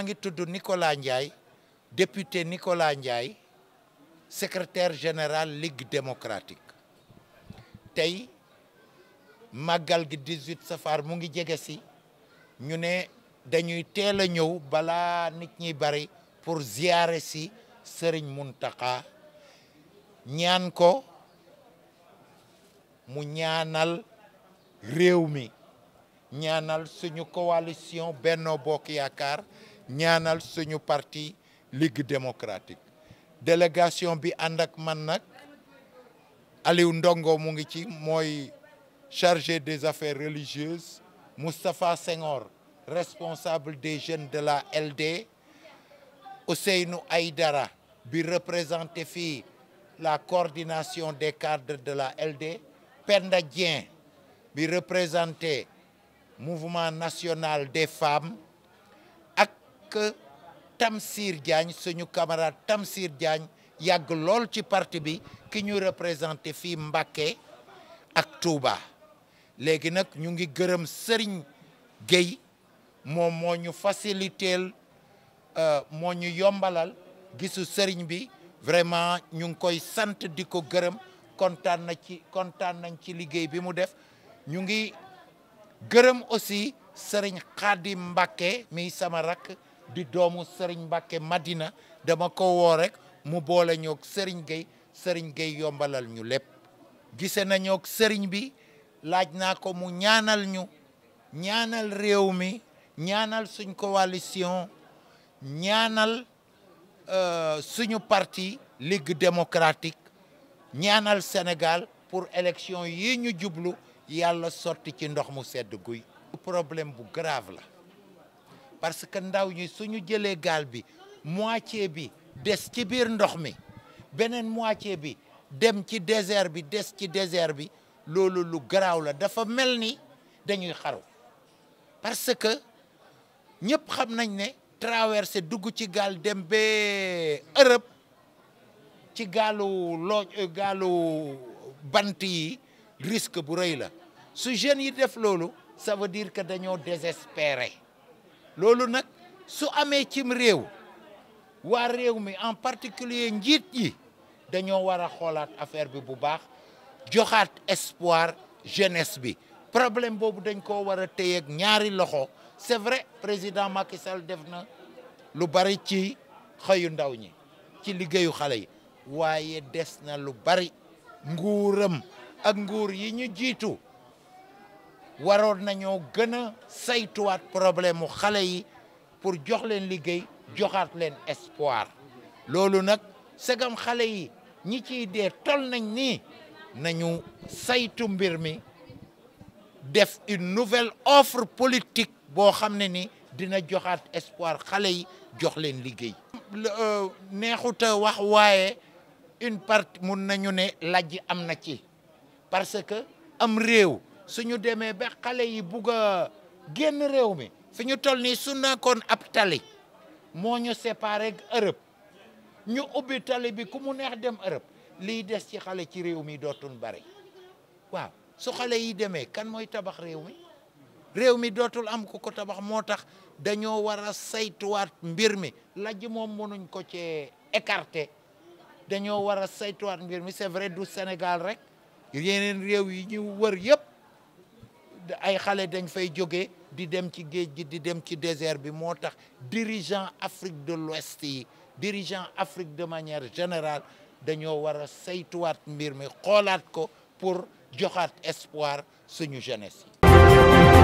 maa ngi tudd Nicolas Ndiaye député Nicolas Ndiaye secretaire général Ligue démocratique tey màggal gi 18 safar mu ngi jege si ñu ne dañuy teel a ñëw balaa nit ñi bari pour ziyaare si sëriñ Muntaxa ñaan ko mu ñaanal réew mi ñaanal suñu coalition Benno Bokk Yaakaar ñaanal suñu parti Ligue démocratique délégation bi ànd ak man nag Aliou Ndongo mu ngi ci mooy chargé des affaires religieuses Moustapha Senghor responsable des jeunes de la LD Ousseynou Aïdara bi représenté fii la coordination des cadres de la LD Penda jien bi représenté mouvement national des femmes que Tamsir Diagne suñu camarade Tamsir Diagne yàgg lool ci parti bi ki ñu représenté fii Mbacké ak tuuba léegi nag ñu ngi gërëm sëriñ Gueye moom moo ñu faciliteel euh, moo ñu yombalal gisu Serigne bi vraiment ñu ngi koy sant di ko gërëm kontaan na ci kontaan nañ ci liggéey bi mu def ñu ngi gërëm aussi Serigne Khadim Mbacké mi sama rakk di doomu Serigne Mbacke Madina dama ko woo rek mu boole ñoog sëriñ Gueye Serigne Gueye yombalal ñu lépp gise nañoog Serigne bi laaj naa ko mu ñaanal ñu ñaanal réew mi ñaanal suñ coalition ñaanal euh, suñu parti Ligue démocratique ñaanal Sénégal pour élection yi ñu jublu yàlla sotti ci ndox mu sedd guy problème bu grave la parce que ndaw ñi suñu jëlee gaal bi moitié bi des ci biir ndox mi beneen moitié bi dem ci désert bi des ci désert bi loolu lu garaaw la dafa mel ni dañuy xaru parce que ñëpp xam nañ ne traversé dugg ci gaal dem ba Europe ci gaalu loo bant yi risque bu rëy la su jeunes yi def loolu ça veut dire que dañoo désespéré loolu nag su amee cim réew waa réew mi en particulier njiit yi dañoo war a xoolaat affaire bi bu baax joxaat espoir jeunesse bi problème boobu dañ ko war a téye ak ñaari loxo c'est vrai président Macky def na lu bari ci xëyu ndaw ñi ci liggéeyu xale yi waaye des na lu bari nguuram ak nguur yi ñu jiitu waroon nañoo gën a saytuwaat problème mu xale yi pour jox leen liggéey joxaat leen espoir loolu nag segam xale yi ñi ciy dee tol nañ nii nañu saytu mbir mi def une nouvelle offre politique boo xam ne ni dina joxaat espoir xale yi jox leen liggéey euh, neexuta wax waaye une partie mun nañu ne lajj am na ci parce que am réew suñu demee ba xale yi bugg a génn réew mi fi ñu toll nii su nekkoon ab tali moo ñu séparé ak Europe ñu ubbi tali bi ku mu neex dem Europe lii des ci xale ci réew mi dootul bari waaw su xale yi demee kan mooy tabax réew mi réew mi dootul am ku ko tabax moo tax dañoo war a saytuwaat mbir mi lajj moom mënuñ ko cee écarté dañoo war a saytuwaat mbir mi c'est du Sénégal rek yeneen réew yi ñu wër yëpp. ay xale dañ fay jógee di dem ci géej gi di dem ci désert bi moo tax dirigeant Afrique de l'Ouest yi dirigeant Afrique de manière générale dañoo wara saytuwaat mbir mi xoolaat ko pour joxaat espoir suñu jenes yi